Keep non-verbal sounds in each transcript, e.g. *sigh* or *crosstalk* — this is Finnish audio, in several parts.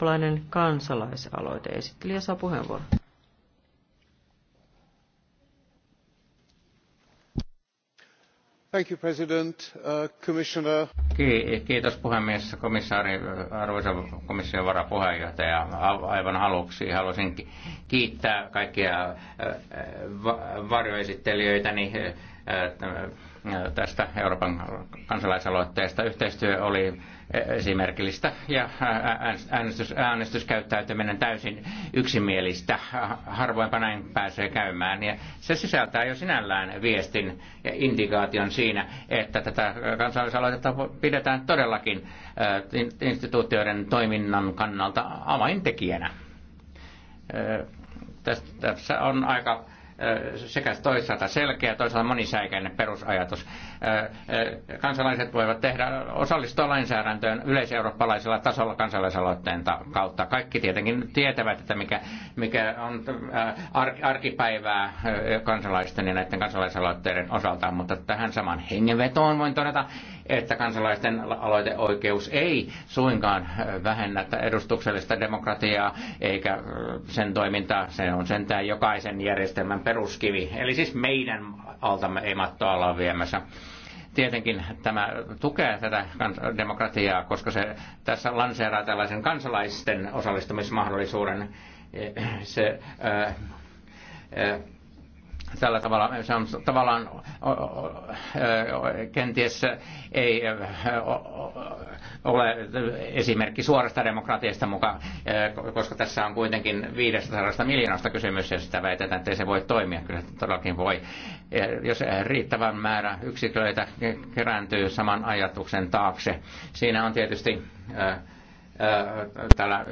eurooppalainen kansalaisaloite. Esittelijä saa puheenvuoron. Thank you, President, uh, Commissioner. Kiitos puhemies, komissaari, uh, arvoisa komission varapuheenjohtaja. Aivan aluksi haluaisin kiittää kaikkia uh, varjoesittelijöitäni uh, tästä Euroopan kansalaisaloitteesta. Yhteistyö oli esimerkillistä ja äänestys, äänestyskäyttäytyminen täysin yksimielistä. Harvoinpa näin pääsee käymään. Ja se sisältää jo sinällään viestin ja indikaation siinä, että tätä kansalaisaloitetta pidetään todellakin äh, instituutioiden toiminnan kannalta avaintekijänä. Äh, tässä on aika sekä toisaalta selkeä, toisaalta monisäikeinen perusajatus. Kansalaiset voivat tehdä osallistua lainsäädäntöön yleiseurooppalaisella tasolla kansalaisaloitteen kautta. Kaikki tietenkin tietävät, että mikä, mikä on arkipäivää kansalaisten ja näiden kansalaisaloitteiden osalta, mutta tähän saman hengenvetoon voin todeta, että kansalaisten aloiteoikeus ei suinkaan äh, vähennä edustuksellista demokratiaa eikä äh, sen toimintaa. Se on sentään jokaisen järjestelmän peruskivi. Eli siis meidän altamme ei mattoa olla viemässä tietenkin tämä tukee tätä demokratiaa, koska se tässä lanseeraa tällaisen kansalaisten osallistumismahdollisuuden. Eh, se, äh, äh, tällä tavalla se on tavallaan kenties ei ole esimerkki suorasta demokratiasta mukaan, koska tässä on kuitenkin 500 miljoonasta kysymys ja sitä väitetään, että se voi toimia. Kyllä se todellakin voi. Jos riittävän määrä yksiköitä kerääntyy saman ajatuksen taakse, siinä on tietysti tällä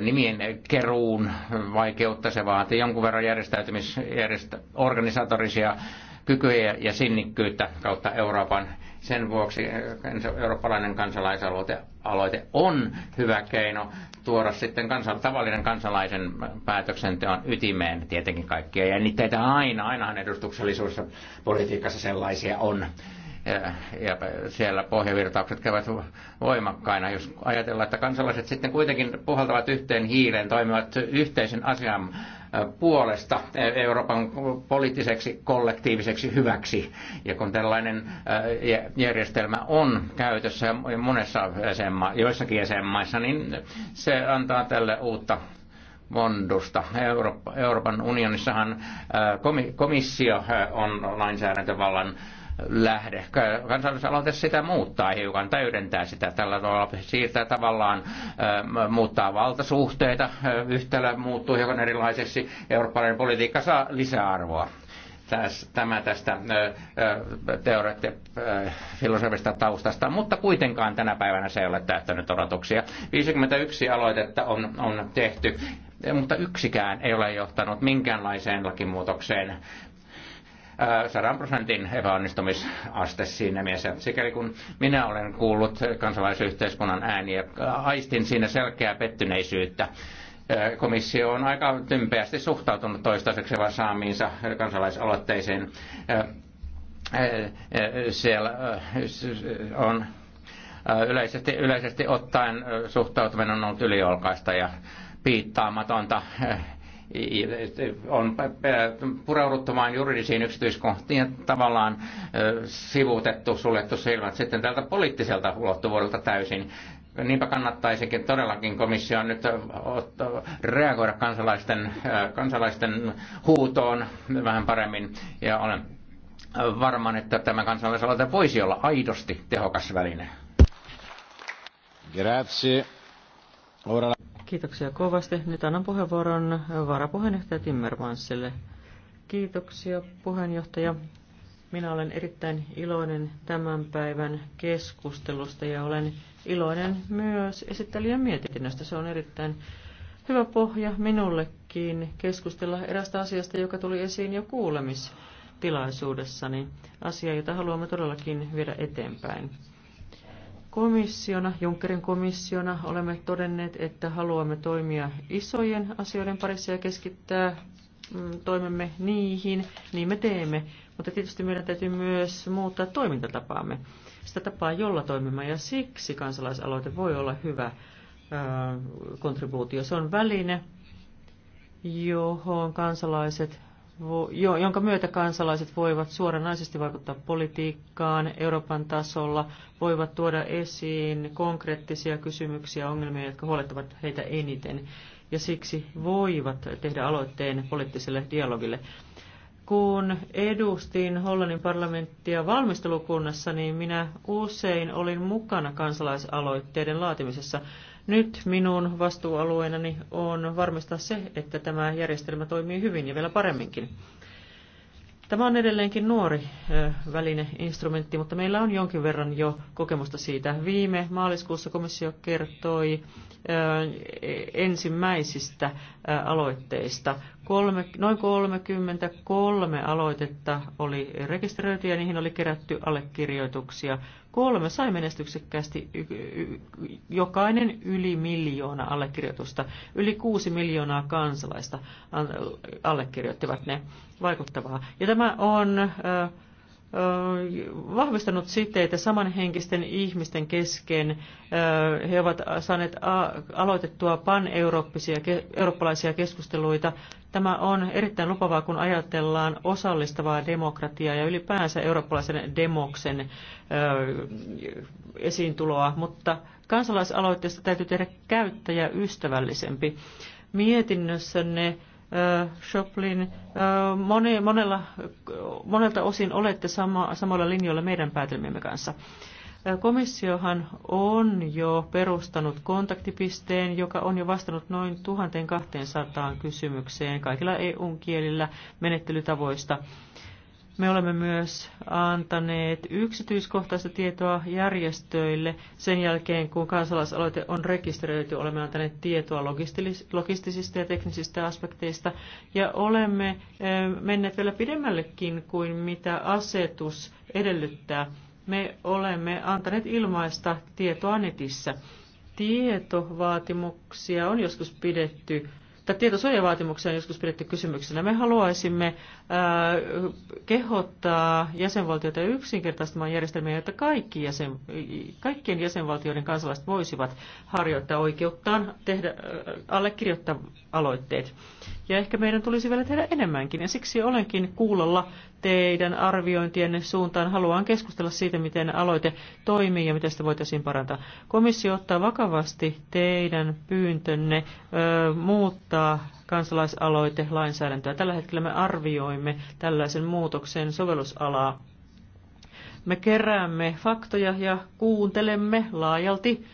nimien keruun vaikeutta, se vaatii jonkun verran järjestäytymis, järjestä, organisatorisia kykyjä ja sinnikkyyttä kautta Euroopan. Sen vuoksi eurooppalainen kansalaisaloite aloite on hyvä keino tuoda sitten kansa, tavallinen kansalaisen päätöksenteon ytimeen tietenkin kaikkia. Ja niitä aina, ainahan edustuksellisuudessa politiikassa sellaisia on ja siellä pohjavirtaukset käyvät voimakkaina. Jos ajatellaan, että kansalaiset sitten kuitenkin puhaltavat yhteen hiileen, toimivat yhteisen asian puolesta Euroopan poliittiseksi kollektiiviseksi hyväksi. Ja kun tällainen järjestelmä on käytössä monessa jäsenma- joissakin jäsenmaissa, niin se antaa tälle uutta mondusta. Euroopan unionissahan komissio on lainsäädäntövallan lähde. Kansallisaloite sitä muuttaa hiukan, täydentää sitä tällä tavalla, siirtää tavallaan, muuttaa valtasuhteita, yhtälö muuttuu hiukan erilaiseksi, eurooppalainen politiikka saa lisäarvoa tämä tästä teoreettisesta filosofista taustasta, mutta kuitenkaan tänä päivänä se ei ole täyttänyt odotuksia. 51 aloitetta on, on tehty, mutta yksikään ei ole johtanut minkäänlaiseen lakimuutokseen. 100 prosentin epäonnistumisaste siinä mielessä. Sikäli kun minä olen kuullut kansalaisyhteiskunnan ääniä, aistin siinä selkeää pettyneisyyttä komissio on aika tympeästi suhtautunut toistaiseksi vaan saamiinsa kansalaisaloitteisiin. Siellä on yleisesti, yleisesti ottaen suhtautuminen on ollut yliolkaista ja piittaamatonta on purauduttamaan juridisiin yksityiskohtiin tavallaan sivuutettu, suljettu silmät sitten tältä poliittiselta ulottuvuudelta täysin. Niinpä kannattaisikin todellakin komission nyt reagoida kansalaisten, kansalaisten huutoon vähän paremmin. Ja olen varman, että tämä kansalaisaloite voisi olla aidosti tehokas väline. Grazie. Ora... Kiitoksia kovasti. Nyt annan puheenvuoron varapuheenjohtaja Timmermansille. Kiitoksia puheenjohtaja. Minä olen erittäin iloinen tämän päivän keskustelusta ja olen iloinen myös esittelijän mietinnöstä. Se on erittäin hyvä pohja minullekin keskustella erästä asiasta, joka tuli esiin jo kuulemistilaisuudessani. Asia, jota haluamme todellakin viedä eteenpäin. Komissiona, Junckerin komissiona, olemme todenneet, että haluamme toimia isojen asioiden parissa ja keskittää mm, toimemme niihin, niin me teemme. Mutta tietysti meidän täytyy myös muuttaa toimintatapaamme, sitä tapaa, jolla toimimme. Ja siksi kansalaisaloite voi olla hyvä kontribuutio. Se on väline, johon kansalaiset jo, jonka myötä kansalaiset voivat suoranaisesti vaikuttaa politiikkaan Euroopan tasolla, voivat tuoda esiin konkreettisia kysymyksiä, ongelmia, jotka huolettavat heitä eniten, ja siksi voivat tehdä aloitteen poliittiselle dialogille. Kun edustin Hollannin parlamenttia valmistelukunnassa, niin minä usein olin mukana kansalaisaloitteiden laatimisessa. Nyt minun vastuualueenani on varmistaa se, että tämä järjestelmä toimii hyvin ja vielä paremminkin. Tämä on edelleenkin nuori väline, instrumentti, mutta meillä on jonkin verran jo kokemusta siitä. Viime maaliskuussa komissio kertoi ensimmäisistä aloitteista. Kolme, noin 33 aloitetta oli rekisteröity ja niihin oli kerätty allekirjoituksia Kolme sai menestyksekkäästi jokainen yli miljoona allekirjoitusta. Yli kuusi miljoonaa kansalaista allekirjoittivat ne vaikuttavaa. Ja tämä on äh, vahvistanut siteitä samanhenkisten ihmisten kesken. He ovat saaneet aloitettua pan-eurooppalaisia eurooppalaisia keskusteluita. Tämä on erittäin lupavaa, kun ajatellaan osallistavaa demokratiaa ja ylipäänsä eurooppalaisen demoksen esiintuloa, mutta kansalaisaloitteesta täytyy tehdä käyttäjäystävällisempi. ne Shoplin, moni, monella, monelta osin olette sama, samalla linjoilla meidän päätelmiemme kanssa. Komissiohan on jo perustanut kontaktipisteen, joka on jo vastannut noin 1200 kysymykseen kaikilla EU-kielillä menettelytavoista. Me olemme myös antaneet yksityiskohtaista tietoa järjestöille. Sen jälkeen, kun kansalaisaloite on rekisteröity, olemme antaneet tietoa logistisista ja teknisistä aspekteista. Ja olemme eh, menneet vielä pidemmällekin kuin mitä asetus edellyttää. Me olemme antaneet ilmaista tietoa netissä tietovaatimuksia on joskus pidetty Tätä tietosuojavaatimuksia on joskus pidetty kysymyksenä. Me haluaisimme äh, kehottaa jäsenvaltioita yksinkertaistamaan järjestelmiä, jotta kaikki jäsen, kaikkien jäsenvaltioiden kansalaiset voisivat harjoittaa oikeuttaan tehdä, äh, allekirjoittaa aloitteet ja ehkä meidän tulisi vielä tehdä enemmänkin. Ja siksi olenkin kuulolla teidän arviointienne suuntaan. Haluan keskustella siitä, miten aloite toimii ja miten sitä voitaisiin parantaa. Komissio ottaa vakavasti teidän pyyntönne ö, muuttaa kansalaisaloite lainsäädäntöä. Tällä hetkellä me arvioimme tällaisen muutoksen sovellusalaa. Me keräämme faktoja ja kuuntelemme laajalti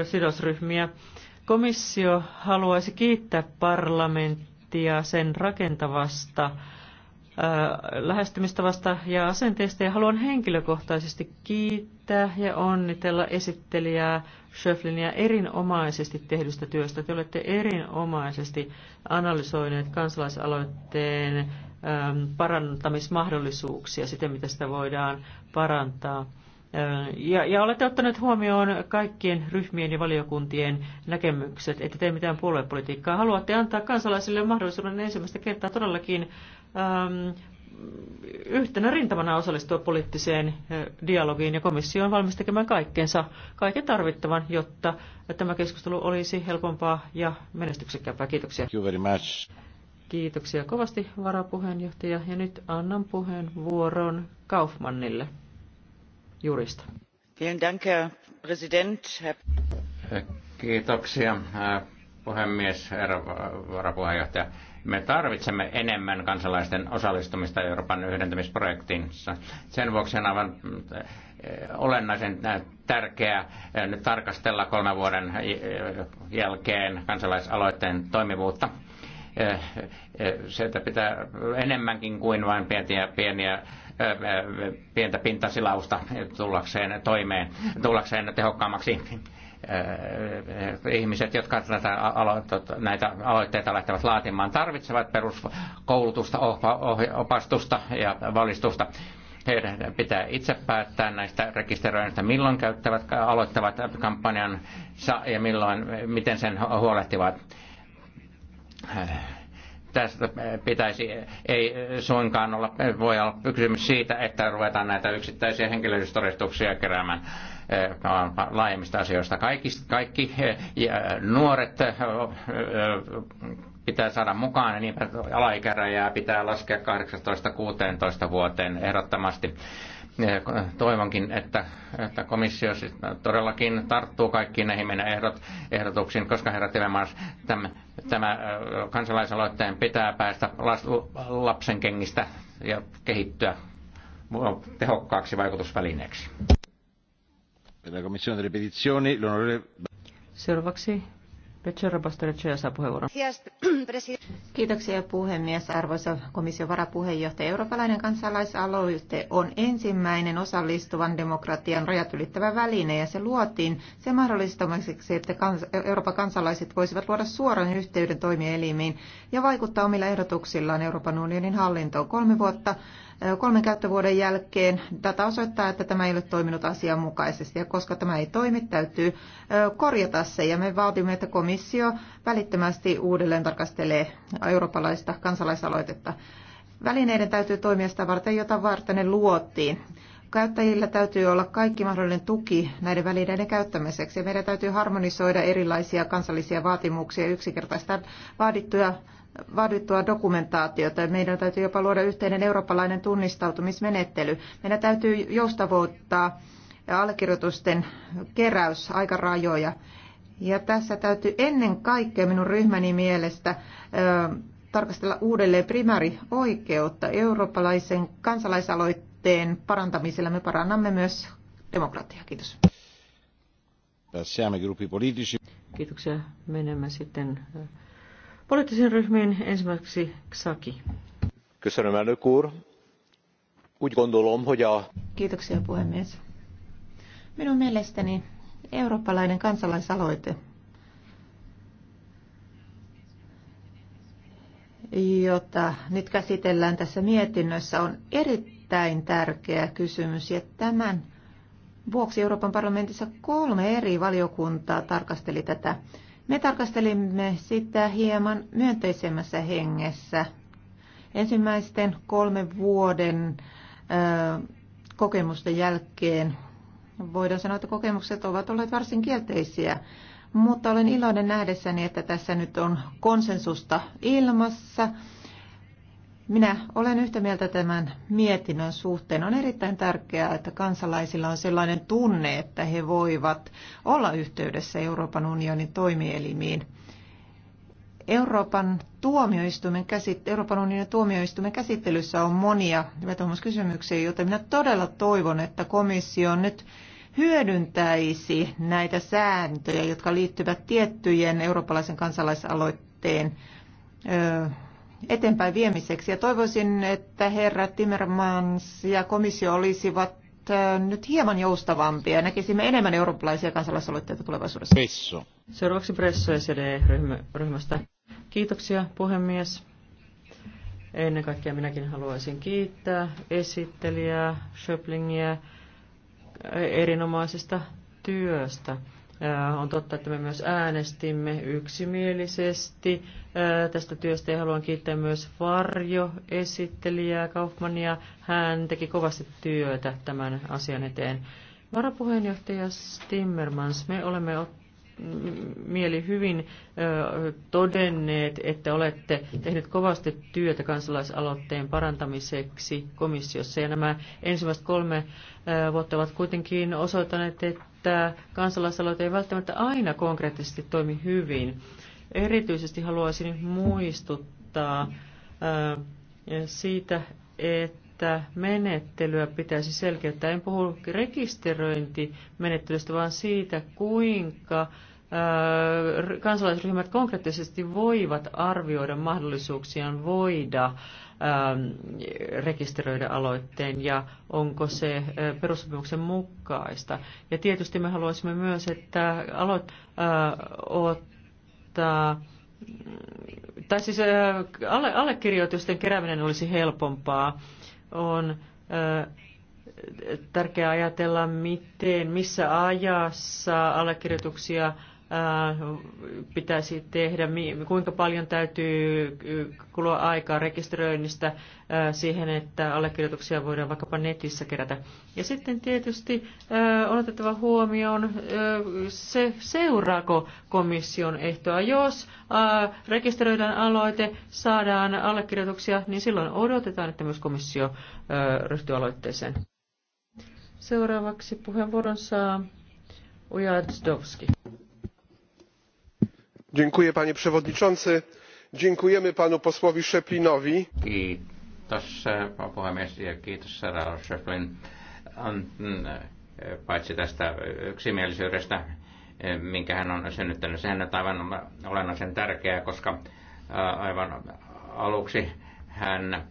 ö, sidosryhmiä Komissio haluaisi kiittää parlamenttia sen rakentavasta lähestymistavasta ja asenteesta ja haluan henkilökohtaisesti kiittää ja onnitella esittelijää Schöflinia erinomaisesti tehdystä työstä. Te olette erinomaisesti analysoineet kansalaisaloitteen parantamismahdollisuuksia, siten mitä sitä voidaan parantaa. Ja, ja olette ottaneet huomioon kaikkien ryhmien ja valiokuntien näkemykset, että tee mitään puoluepolitiikkaa. Haluatte antaa kansalaisille mahdollisuuden ensimmäistä kertaa todellakin äm, yhtenä rintamana osallistua poliittiseen dialogiin, ja komissio on valmis tekemään kaikkensa, kaiken tarvittavan, jotta tämä keskustelu olisi helpompaa ja menestyksekkäämpää. Kiitoksia. Thank you very much. Kiitoksia kovasti varapuheenjohtaja, ja nyt annan puheenvuoron Kaufmannille jurista. Kiitoksia puhemies, herra varapuheenjohtaja. Me tarvitsemme enemmän kansalaisten osallistumista Euroopan yhdentymisprojektiin. Sen vuoksi on aivan olennaisen tärkeää nyt tarkastella kolmen vuoden jälkeen kansalaisaloitteen toimivuutta sieltä pitää enemmänkin kuin vain pieniä, pieniä pientä pintasilausta tullakseen toimeen, tullakseen tehokkaammaksi äh, ihmiset, jotka tota, näitä aloitteita lähtevät laatimaan, tarvitsevat peruskoulutusta, opastusta ja valistusta. Heidän pitää itse päättää näistä rekisteröinnistä, milloin käyttävät, aloittavat kampanjan ja milloin, miten sen huolehtivat äh, tästä pitäisi, ei suinkaan olla, voi olla kysymys siitä, että ruvetaan näitä yksittäisiä henkilöllisyystodistuksia keräämään äh, laajemmista asioista. Kaikki, kaikki äh, nuoret äh, pitää saada mukaan, niin niinpä alaikärajaa pitää laskea 18-16 vuoteen ehdottomasti toivonkin, että, että komissio siis todellakin tarttuu kaikkiin näihin meidän ehdot, ehdotuksiin, koska herra Timemans, tämän, Tämä kansalaisaloitteen pitää päästä lapsen kengistä ja kehittyä tehokkaaksi vaikutusvälineeksi. Seuraavaksi Kiitoksia puhemies. Arvoisa komission varapuheenjohtaja, eurooppalainen kansalaisaloite on ensimmäinen osallistuvan demokratian rajat ylittävä väline ja se luotiin sen mahdollistamiseksi, että kans- Euroopan kansalaiset voisivat luoda suoran yhteyden toimielimiin ja vaikuttaa omilla ehdotuksillaan Euroopan unionin hallintoon. Kolme vuotta kolmen käyttövuoden jälkeen. Data osoittaa, että tämä ei ole toiminut asianmukaisesti ja koska tämä ei toimi, täytyy korjata se ja me vaatimme, että komissio välittömästi uudelleen tarkastelee eurooppalaista kansalaisaloitetta. Välineiden täytyy toimia sitä varten, jota varten ne luottiin. Käyttäjillä täytyy olla kaikki mahdollinen tuki näiden välineiden käyttämiseksi. Meidän täytyy harmonisoida erilaisia kansallisia vaatimuksia, yksinkertaistaa vaadittuja vaadittua dokumentaatiota. Meidän täytyy jopa luoda yhteinen eurooppalainen tunnistautumismenettely. Meidän täytyy joustavoittaa allekirjoitusten keräysaikarajoja. Ja tässä täytyy ennen kaikkea minun ryhmäni mielestä ö, tarkastella uudelleen primäärioikeutta eurooppalaisen kansalaisaloitteen parantamisella. Me parannamme myös demokratiaa. Kiitos. Kiitoksia. Menemme sitten Poliittisiin ryhmiin ensimmäiseksi Xaki. Köszönöm, elnök Kiitoksia, puhemies. Minun mielestäni eurooppalainen kansalaisaloite, jota nyt käsitellään tässä mietinnössä, on erittäin tärkeä kysymys. Ja tämän vuoksi Euroopan parlamentissa kolme eri valiokuntaa tarkasteli tätä me tarkastelimme sitä hieman myönteisemmässä hengessä. Ensimmäisten kolmen vuoden kokemusten jälkeen voidaan sanoa, että kokemukset ovat olleet varsin kielteisiä, mutta olen iloinen nähdessäni, että tässä nyt on konsensusta ilmassa minä olen yhtä mieltä tämän mietinnön suhteen. On erittäin tärkeää, että kansalaisilla on sellainen tunne, että he voivat olla yhteydessä Euroopan unionin toimielimiin. Euroopan, tuomioistuimen käsit- Euroopan unionin tuomioistuimen käsittelyssä on monia vetomuskysymyksiä, joten minä todella toivon, että komissio nyt hyödyntäisi näitä sääntöjä, jotka liittyvät tiettyjen eurooppalaisen kansalaisaloitteen eteenpäin viemiseksi. Ja toivoisin, että herra Timmermans ja komissio olisivat äh, nyt hieman joustavampia. Näkisimme enemmän eurooppalaisia kansalaisaloitteita tulevaisuudessa. Presso. Seuraavaksi Presso SED-ryhmästä. Kiitoksia puhemies. Ennen kaikkea minäkin haluaisin kiittää esittelijää, Schöplingiä, äh, erinomaisesta työstä. Äh, on totta, että me myös äänestimme yksimielisesti äh, tästä työstä ja haluan kiittää myös varjoesittelijää Kaufmania. Hän teki kovasti työtä tämän asian eteen. Varapuheenjohtaja Stimmermans, me olemme mieli hyvin äh, todenneet, että olette tehneet kovasti työtä kansalaisaloitteen parantamiseksi komissiossa. Ja nämä ensimmäiset kolme vuotta ovat kuitenkin osoittaneet, että että kansalaisaloite ei välttämättä aina konkreettisesti toimi hyvin. Erityisesti haluaisin muistuttaa siitä, että menettelyä pitäisi selkeyttää. En puhu rekisteröintimenettelystä, vaan siitä, kuinka kansalaisryhmät konkreettisesti voivat arvioida mahdollisuuksiaan voida Ähm, rekisteröidä aloitteen ja onko se äh, perussopimuksen mukaista. Ja tietysti me haluaisimme myös, että aloit äh, ottaa mm, tai siis äh, alle, allekirjoitusten kerääminen olisi helpompaa. On tärkeää ajatella, miten, missä ajassa allekirjoituksia Äh, pitäisi tehdä, kuinka paljon täytyy äh, kulua aikaa rekisteröinnistä äh, siihen, että allekirjoituksia voidaan vaikkapa netissä kerätä. Ja sitten tietysti on otettava huomioon se, seuraako komission ehtoa. Jos rekisteröidään aloite, saadaan allekirjoituksia, niin silloin odotetaan, että myös komissio ryhtyy aloitteeseen. Seuraavaksi puheenvuoron saa Ujazdowski panie przewodniczący! dziękujemy panu posłowi schpflinowi kiitos mm, paitsi tästä yksimielisyydestä minkä hän on synnyttänyt. Sehän on aivan olennaisen tärkeää, koska aivan aluksi hän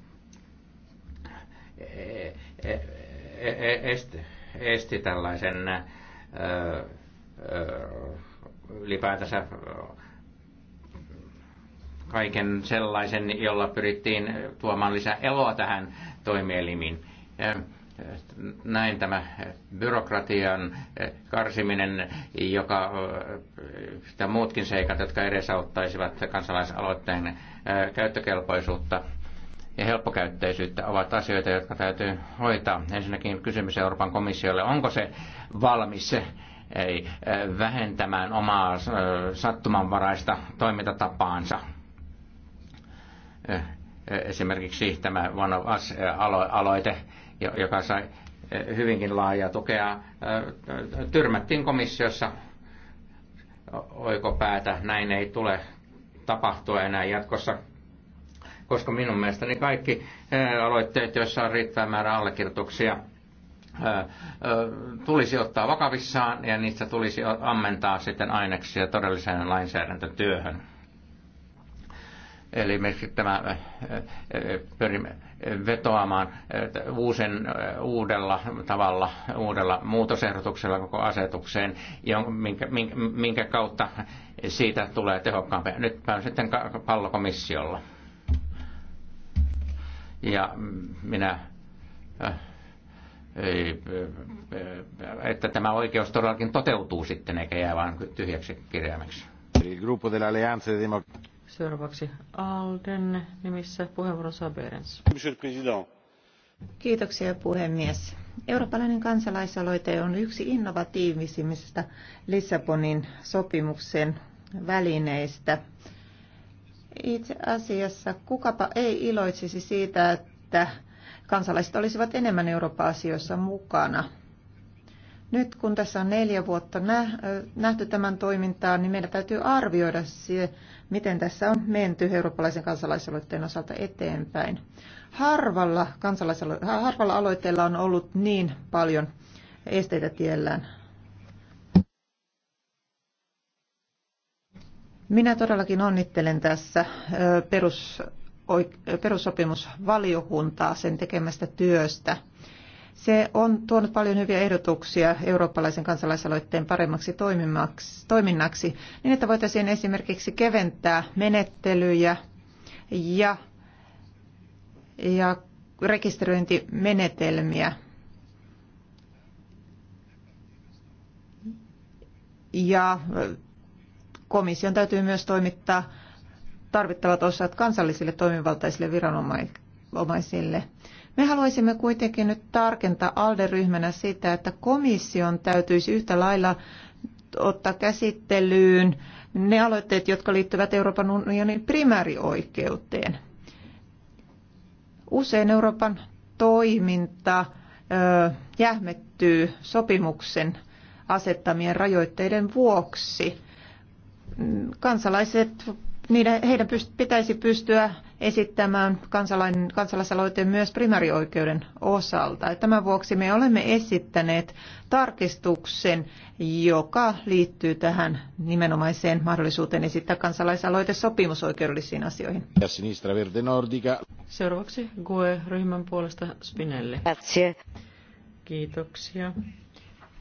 esti tällaisen ylipäätänsä kaiken sellaisen, jolla pyrittiin tuomaan lisää eloa tähän toimielimiin. Näin tämä byrokratian karsiminen, joka sitä muutkin seikat, jotka edesauttaisivat kansalaisaloitteen käyttökelpoisuutta ja helppokäyttäisyyttä, ovat asioita, jotka täytyy hoitaa. Ensinnäkin kysymys Euroopan komissiolle, onko se valmis ei, vähentämään omaa sattumanvaraista toimintatapaansa Esimerkiksi tämä One of Us-aloite, joka sai hyvinkin laajaa tukea, tyrmättiin komissiossa oikopäätä. Näin ei tule tapahtua enää jatkossa koska minun mielestäni kaikki aloitteet, joissa on riittävä määrä allekirjoituksia, tulisi ottaa vakavissaan ja niistä tulisi ammentaa sitten aineksia todelliseen lainsäädäntötyöhön. Eli me tämä äh, pyrimme vetoamaan uusen, äh, uudella tavalla, uudella muutosehdotuksella koko asetukseen, minkä, minkä kautta siitä tulee tehokkaampi. Nyt on sitten pallokomissiolla. Ja minä äh, että tämä oikeus todellakin toteutuu sitten, eikä jää vain tyhjäksi kirjaimeksi. Seuraavaksi Alden nimissä puheenvuoron saa Berens. Kiitoksia puhemies. Eurooppalainen kansalaisaloite on yksi innovatiivisimmista Lissabonin sopimuksen välineistä. Itse asiassa kukapa ei iloitsisi siitä, että kansalaiset olisivat enemmän Eurooppa-asioissa mukana – nyt kun tässä on neljä vuotta nähty tämän toimintaa, niin meidän täytyy arvioida se, miten tässä on menty eurooppalaisen kansalaisaloitteen osalta eteenpäin. Harvalla, kansalaisalo- harvalla aloitteella on ollut niin paljon esteitä tiellään. Minä todellakin onnittelen tässä perus, perussopimusvaliokuntaa sen tekemästä työstä. Se on tuonut paljon hyviä ehdotuksia eurooppalaisen kansalaisaloitteen paremmaksi toiminnaksi, niin että voitaisiin esimerkiksi keventää menettelyjä ja, ja rekisteröintimenetelmiä. Ja komission täytyy myös toimittaa tarvittavat osat kansallisille toimivaltaisille viranomaisille. Me haluaisimme kuitenkin nyt tarkentaa ALDE-ryhmänä sitä, että komission täytyisi yhtä lailla ottaa käsittelyyn ne aloitteet, jotka liittyvät Euroopan unionin primäärioikeuteen. Usein Euroopan toiminta jähmettyy sopimuksen asettamien rajoitteiden vuoksi. Kansalaiset niiden, heidän pyst- pitäisi pystyä esittämään kansalainen, kansalaisaloitteen myös primäärioikeuden osalta. Tämän vuoksi me olemme esittäneet tarkistuksen, joka liittyy tähän nimenomaiseen mahdollisuuteen esittää kansalaisaloite sopimusoikeudellisiin asioihin. Ja sinistra verde nordica. Seuraavaksi GUE-ryhmän puolesta Spinelli. Kiitoksia.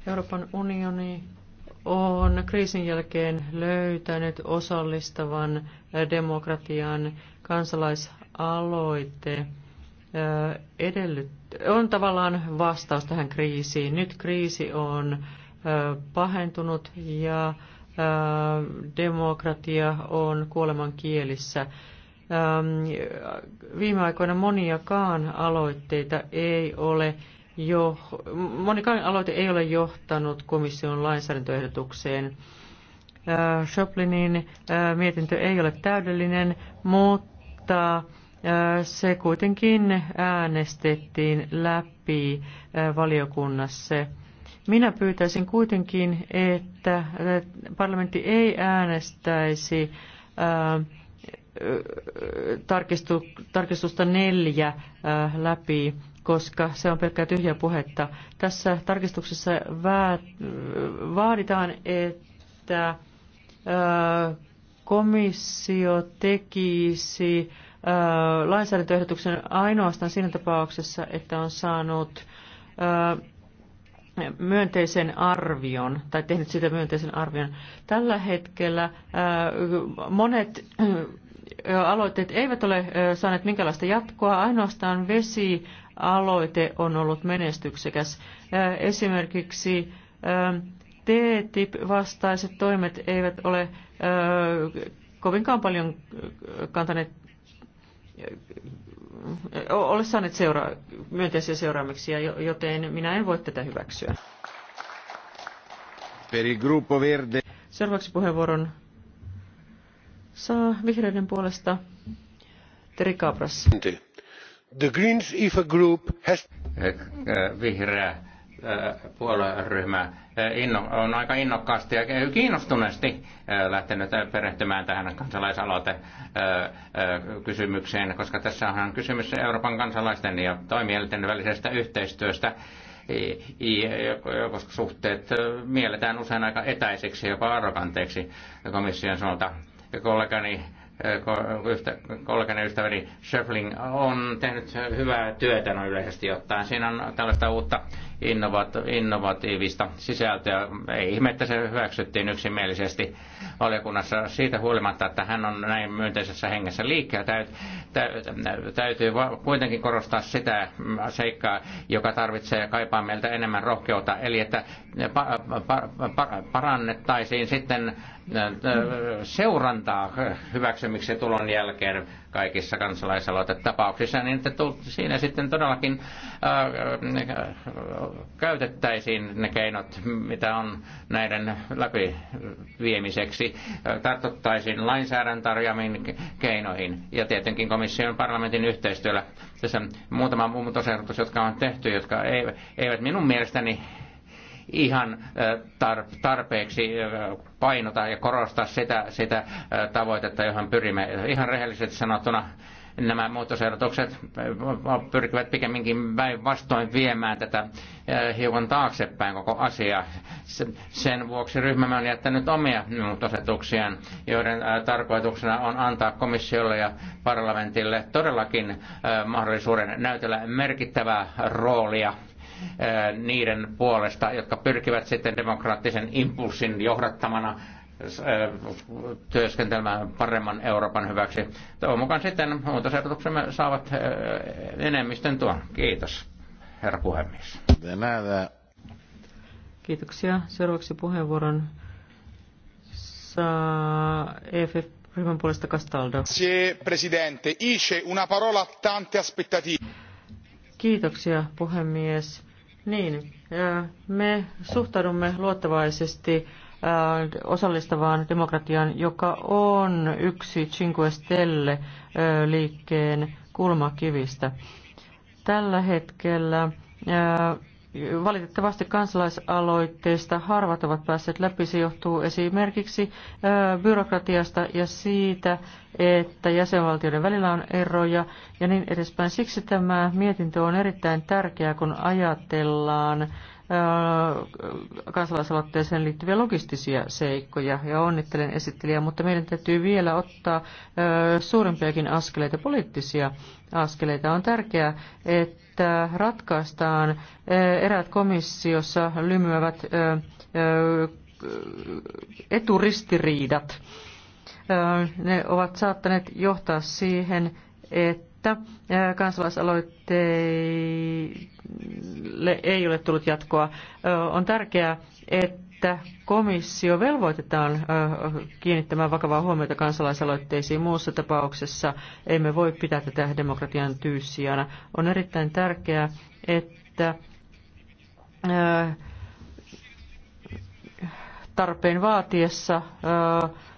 Euroopan unioni on kriisin jälkeen löytänyt osallistavan demokratian kansalaisaloite edellyt- on tavallaan vastaus tähän kriisiin. Nyt kriisi on pahentunut ja demokratia on kuoleman kielissä. Viime aikoina moniakaan aloitteita ei ole Joo, monikaan aloite ei ole johtanut komission lainsäädäntöehdotukseen. Shoplinin mietintö ei ole täydellinen, mutta se kuitenkin äänestettiin läpi valiokunnassa. Minä pyytäisin kuitenkin, että parlamentti ei äänestäisi tarkistusta neljä läpi koska se on pelkkää tyhjää puhetta. Tässä tarkistuksessa vaaditaan, että komissio tekisi lainsäädäntöehdotuksen ainoastaan siinä tapauksessa, että on saanut myönteisen arvion tai tehnyt sitä myönteisen arvion. Tällä hetkellä monet aloitteet eivät ole saaneet minkälaista jatkoa, ainoastaan vesi aloite on ollut menestyksekäs. Esimerkiksi TTIP-vastaiset toimet eivät ole kovinkaan paljon kantaneet ole saaneet seura- myönteisiä seuraamuksia, joten minä en voi tätä hyväksyä. Per il gruppo verde. Seuraavaksi puheenvuoron saa vihreiden puolesta Teri Cabras. The Greens Group has... Eh, eh, vihreä eh, puolueryhmä on aika innokkaasti ja kiinnostuneesti lähtenyt perehtymään tähän kansalaisaloitekysymykseen, koska tässä on kysymys Euroopan kansalaisten ja toimielinten välisestä yhteistyöstä koska suhteet mielletään usein aika etäiseksi, jopa arroganteiksi komission suunta. Kollegani kollegani ystäväni Schöfling on tehnyt hyvää työtä noin yleisesti ottaen. Siinä on tällaista uutta innovatiivista sisältöä. Ei ihme, että se hyväksyttiin yksimielisesti valiokunnassa siitä huolimatta, että hän on näin myönteisessä hengessä liikkeellä. Täyt, täytyy kuitenkin korostaa sitä seikkaa, joka tarvitsee kaipaa meiltä enemmän rohkeutta, eli että parannettaisiin sitten seurantaa hyväksymiksi tulon jälkeen kaikissa kansalaisaloitetapauksissa, niin että siinä sitten todellakin käytettäisiin ne keinot, mitä on näiden läpiviemiseksi, tartuttaisiin lainsäädännön tarjoamiin keinoihin ja tietenkin komission parlamentin yhteistyöllä. Tässä on muutama muutosehdotus, jotka on tehty, jotka eivät minun mielestäni ihan tarpeeksi painota ja korostaa sitä, sitä tavoitetta, johon pyrimme. Ihan rehellisesti sanottuna nämä muutosehdotukset pyrkivät pikemminkin päinvastoin viemään tätä eh, hiukan taaksepäin koko asiaa. Sen vuoksi ryhmämme on jättänyt omia muutosehdotuksiaan, joiden eh, tarkoituksena on antaa komissiolle ja parlamentille todellakin eh, mahdollisuuden näytellä merkittävää roolia niiden puolesta, jotka pyrkivät sitten demokraattisen impulssin johdattamana työskentelemään paremman Euroopan hyväksi. Toivon mukaan sitten muutosehdotuksemme saavat enemmistön tuon. Kiitos, herra puhemies. Kiitoksia. Seuraavaksi puheenvuoron saa EFF ryhmän puolesta Castaldo. Presidente. Ice una parola tante aspettative. Kiitoksia, puhemies. Niin, me suhtaudumme luottavaisesti Äh, osallistavaan demokratiaan, joka on yksi Cinque Stelle äh, liikkeen kulmakivistä. Tällä hetkellä äh, Valitettavasti kansalaisaloitteista harvat ovat päässeet läpi. Se johtuu esimerkiksi byrokratiasta ja siitä, että jäsenvaltioiden välillä on eroja ja niin edespäin. Siksi tämä mietintö on erittäin tärkeää, kun ajatellaan Äh, kansalaisaloitteeseen liittyviä logistisia seikkoja ja onnittelen esittelijää, mutta meidän täytyy vielä ottaa äh, suurempiakin askeleita, poliittisia askeleita. On tärkeää, että ratkaistaan äh, eräät komissiossa lymyävät eturistiriidat. Ne ovat saattaneet johtaa siihen, että että kansalaisaloitteille ei ole tullut jatkoa. On tärkeää, että komissio velvoitetaan kiinnittämään vakavaa huomiota kansalaisaloitteisiin. Muussa tapauksessa emme voi pitää tätä demokratian tyyssijana. On erittäin tärkeää, että tarpeen vaatiessa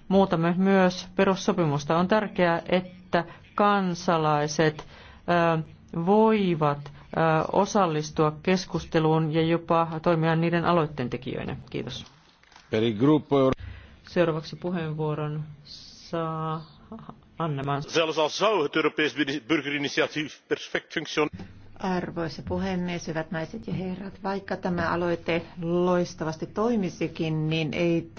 muutamme myös perussopimusta. On tärkeää, että kansalaiset voivat osallistua keskusteluun ja jopa toimia niiden aloitteen tekijöinä. Kiitos. Seuraavaksi puheenvuoron saa Anne Mans. Arvoisa puhemies, hyvät naiset ja herrat, vaikka tämä aloite loistavasti toimisikin, niin ei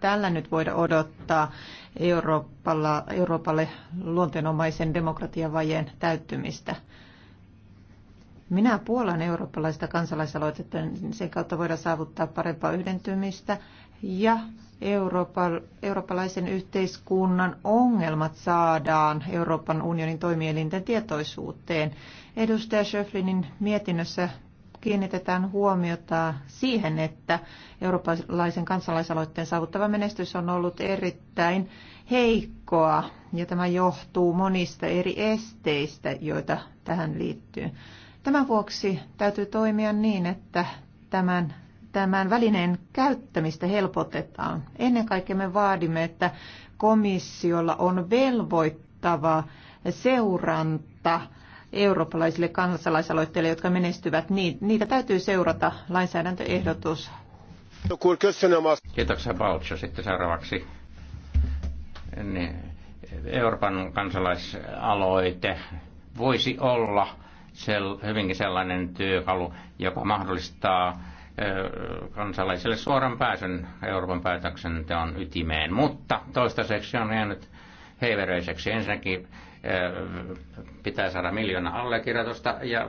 tällä nyt voida odottaa Euroopalla, Euroopalle luonteenomaisen demokratiavajeen täyttymistä. Minä puolan eurooppalaista kansalaisaloitetta, niin sen kautta voidaan saavuttaa parempaa yhdentymistä ja Eurooppa, eurooppalaisen yhteiskunnan ongelmat saadaan Euroopan unionin toimielinten tietoisuuteen. Edustaja Schöflinin mietinnössä kiinnitetään huomiota siihen, että eurooppalaisen kansalaisaloitteen saavuttava menestys on ollut erittäin heikkoa ja tämä johtuu monista eri esteistä, joita tähän liittyy. Tämän vuoksi täytyy toimia niin, että tämän, tämän välineen käyttämistä helpotetaan. Ennen kaikkea me vaadimme, että komissiolla on velvoittava seuranta eurooppalaisille kansalaisaloitteille, jotka menestyvät. Niitä täytyy seurata lainsäädäntöehdotus. Kiitoksia Balcho. Sitten seuraavaksi niin, Euroopan kansalaisaloite voisi olla sel, hyvinkin sellainen työkalu, joka mahdollistaa kansalaisille suoran pääsyn Euroopan päätöksenteon ytimeen, mutta toistaiseksi on jäänyt heiveröiseksi. Ensinnäkin pitää saada miljoona allekirjoitusta ja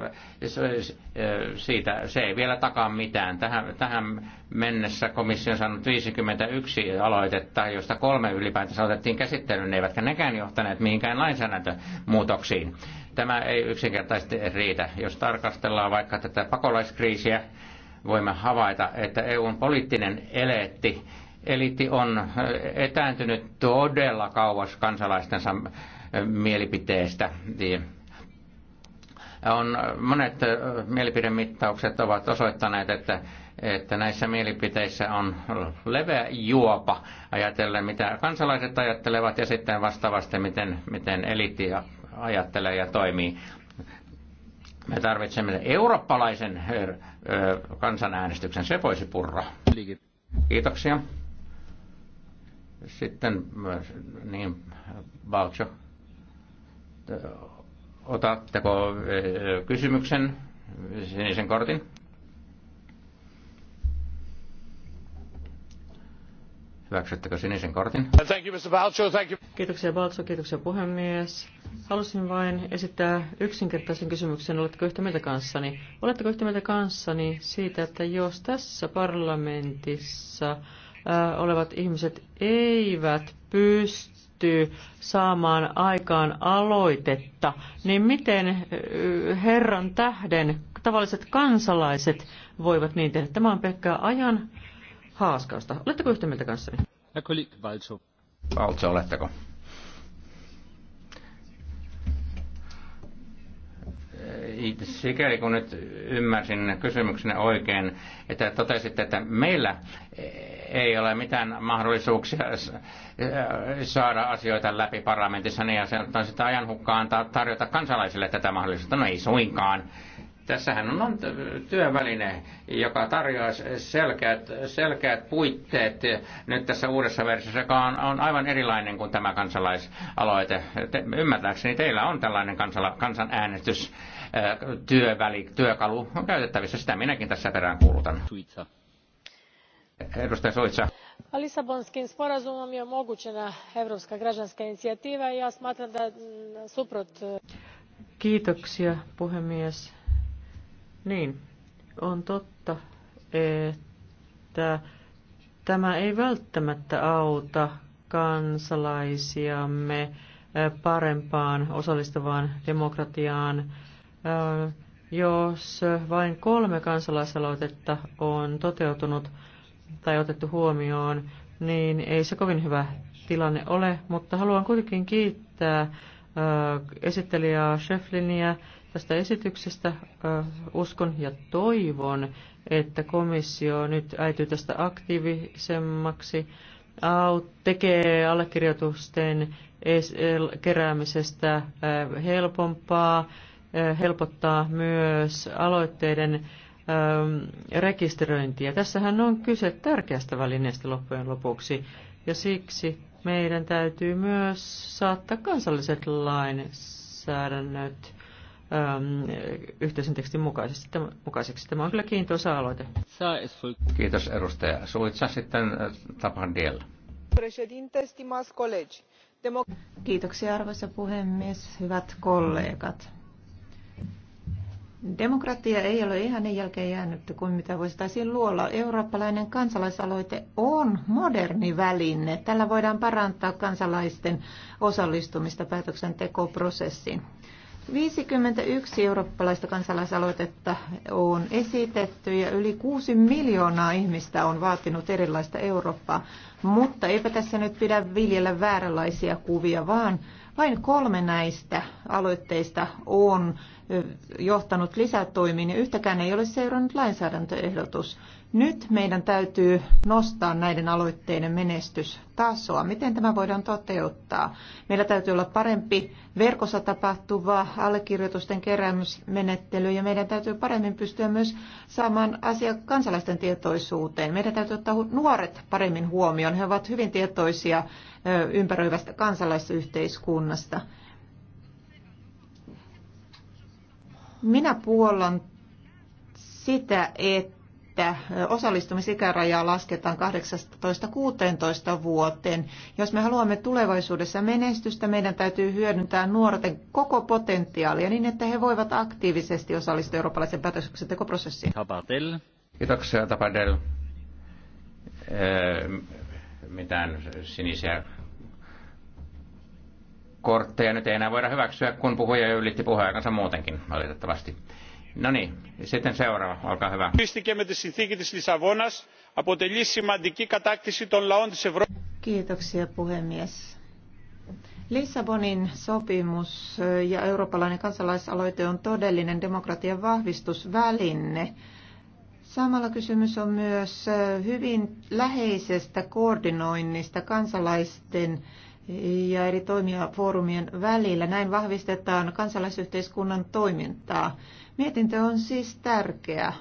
siitä se ei vielä takaa mitään. Tähän, tähän mennessä komissio on saanut 51 aloitetta, joista kolme ylipäätänsä otettiin käsittelyyn, eivätkä nekään johtaneet mihinkään lainsäädäntömuutoksiin. Tämä ei yksinkertaisesti riitä. Jos tarkastellaan vaikka tätä pakolaiskriisiä, voimme havaita, että EUn poliittinen eleetti, eliitti on äh, etääntynyt todella kauas kansalaistensa äh, mielipiteestä. On, äh, monet mielipidemittaukset ovat osoittaneet, että, että näissä mielipiteissä on leveä juopa ajatellen, mitä kansalaiset ajattelevat ja sitten vastaavasti, miten, miten eliitti ajattelee ja toimii. Me tarvitsemme eurooppalaisen kansanäänestyksen, se voisi purra. Kiitoksia. Sitten niin, Balcho, otatteko kysymyksen, sinisen kortin? Hyväksyttekö sinisen kortin? Thank you, Mr. Balcho, thank you. Kiitoksia Balcho, kiitoksia puhemies. Halusin vain esittää yksinkertaisen kysymyksen, oletteko yhtä mieltä kanssani? Oletteko yhtä mieltä kanssani siitä, että jos tässä parlamentissa ää, äh, olevat ihmiset eivät pysty saamaan aikaan aloitetta, niin miten äh, herran tähden tavalliset kansalaiset voivat niin tehdä? Tämä on pelkkää ajan haaskausta. Oletteko yhtä mieltä kanssani? Valtso. Valtso, oletteko? sikäli kun nyt ymmärsin kysymyksen oikein, että totesitte, että meillä ei ole mitään mahdollisuuksia saada asioita läpi parlamentissa, niin ja se on sitä ajanhukkaa tarjota kansalaisille tätä mahdollisuutta. No ei suinkaan. Tässähän on työväline, joka tarjoaa selkeät, selkeät puitteet. Nyt tässä uudessa versiossa, joka on, on aivan erilainen kuin tämä kansalaisaloite. Te, ymmärtääkseni teillä on tällainen kansala, kansanäänestys työväli, työkalu on käytettävissä. Sitä minäkin tässä perään kuulutan. Edustaja Suitsa lisabonskim sporazumom je omogućena europska građanska inicijativa i ja smatram da suprot. kiitoksia puhemies niin, on totta, että tämä ei välttämättä auta kansalaisiamme äh, parempaan osallistavaan demokratiaan. Äh, jos vain kolme kansalaisaloitetta on toteutunut tai otettu huomioon, niin ei se kovin hyvä tilanne ole, mutta haluan kuitenkin kiittää äh, esittelijää Scheffliniä tästä esityksestä. Uskon ja toivon, että komissio nyt äityy tästä aktiivisemmaksi, tekee allekirjoitusten keräämisestä helpompaa, helpottaa myös aloitteiden rekisteröintiä. Tässähän on kyse tärkeästä välineestä loppujen lopuksi, ja siksi meidän täytyy myös saattaa kansalliset lainsäädännöt Ähm, yhteisen tekstin mukaisesti, mukaiseksi. Tämä on kyllä kiintoisa aloite. Kiitos edustaja Suitsa. Sitten äh, Tapandiel. Kiitoksia arvoisa puhemies, hyvät kollegat. Demokratia ei ole ihan niin jälkeen jäänyt kuin mitä voisitaisiin luolla. Eurooppalainen kansalaisaloite on moderni väline. Tällä voidaan parantaa kansalaisten osallistumista päätöksentekoprosessiin. 51 eurooppalaista kansalaisaloitetta on esitetty ja yli 6 miljoonaa ihmistä on vaatinut erilaista Eurooppaa. Mutta eipä tässä nyt pidä viljellä vääränlaisia kuvia, vaan vain kolme näistä aloitteista on johtanut lisätoimiin ja yhtäkään ei ole seurannut lainsäädäntöehdotus. Nyt meidän täytyy nostaa näiden aloitteiden menestystasoa. Miten tämä voidaan toteuttaa? Meillä täytyy olla parempi verkossa tapahtuva allekirjoitusten keräämismenettely ja meidän täytyy paremmin pystyä myös saamaan asia kansalaisten tietoisuuteen. Meidän täytyy ottaa nuoret paremmin huomioon. He ovat hyvin tietoisia ympäröivästä kansalaisyhteiskunnasta. Minä puollan sitä, että osallistumisikärajaa lasketaan 18-16 vuoteen. Jos me haluamme tulevaisuudessa menestystä, meidän täytyy hyödyntää nuorten koko potentiaalia niin, että he voivat aktiivisesti osallistua eurooppalaisen päätöksentekoprosessiin. Tapatel. Kiitoksia, Tapadel. Öö, mitään sinisiä kortteja nyt ei enää voida hyväksyä, kun puhuja ylitti puheaikansa muutenkin, valitettavasti. No niin, sitten seuraava, olkaa hyvä. Kiitoksia puhemies. Lissabonin sopimus ja eurooppalainen kansalaisaloite on todellinen demokratian vahvistusväline. Samalla kysymys on myös hyvin läheisestä koordinoinnista kansalaisten ja eri toimijafoorumien välillä. Näin vahvistetaan kansalaisyhteiskunnan toimintaa. Mietintö on siis tärkeä.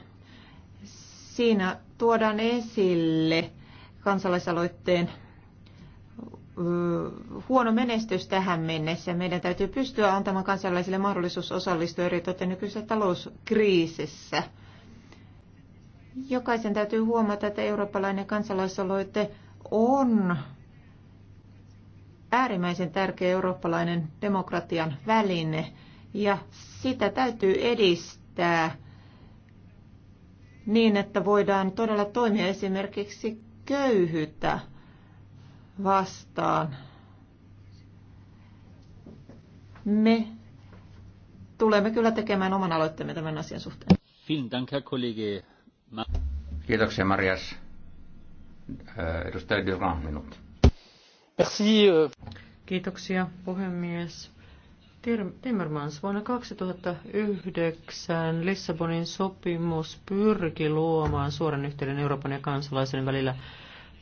Siinä tuodaan esille kansalaisaloitteen huono menestys tähän mennessä. Meidän täytyy pystyä antamaan kansalaisille mahdollisuus osallistua eri nykyisessä talouskriisissä. Jokaisen täytyy huomata, että eurooppalainen kansalaisaloite on äärimmäisen tärkeä eurooppalainen demokratian väline ja sitä täytyy edistää niin, että voidaan todella toimia esimerkiksi köyhyyttä vastaan. Me tulemme kyllä tekemään oman aloitteemme tämän asian suhteen. Kiitoksia Marias. Äh, edustaja Durand minuutti. Merci. Euh. Kiitoksia puhemies. Timmermans, vuonna 2009 Lissabonin sopimus pyrki luomaan suoran yhteyden Euroopan ja kansalaisen välillä.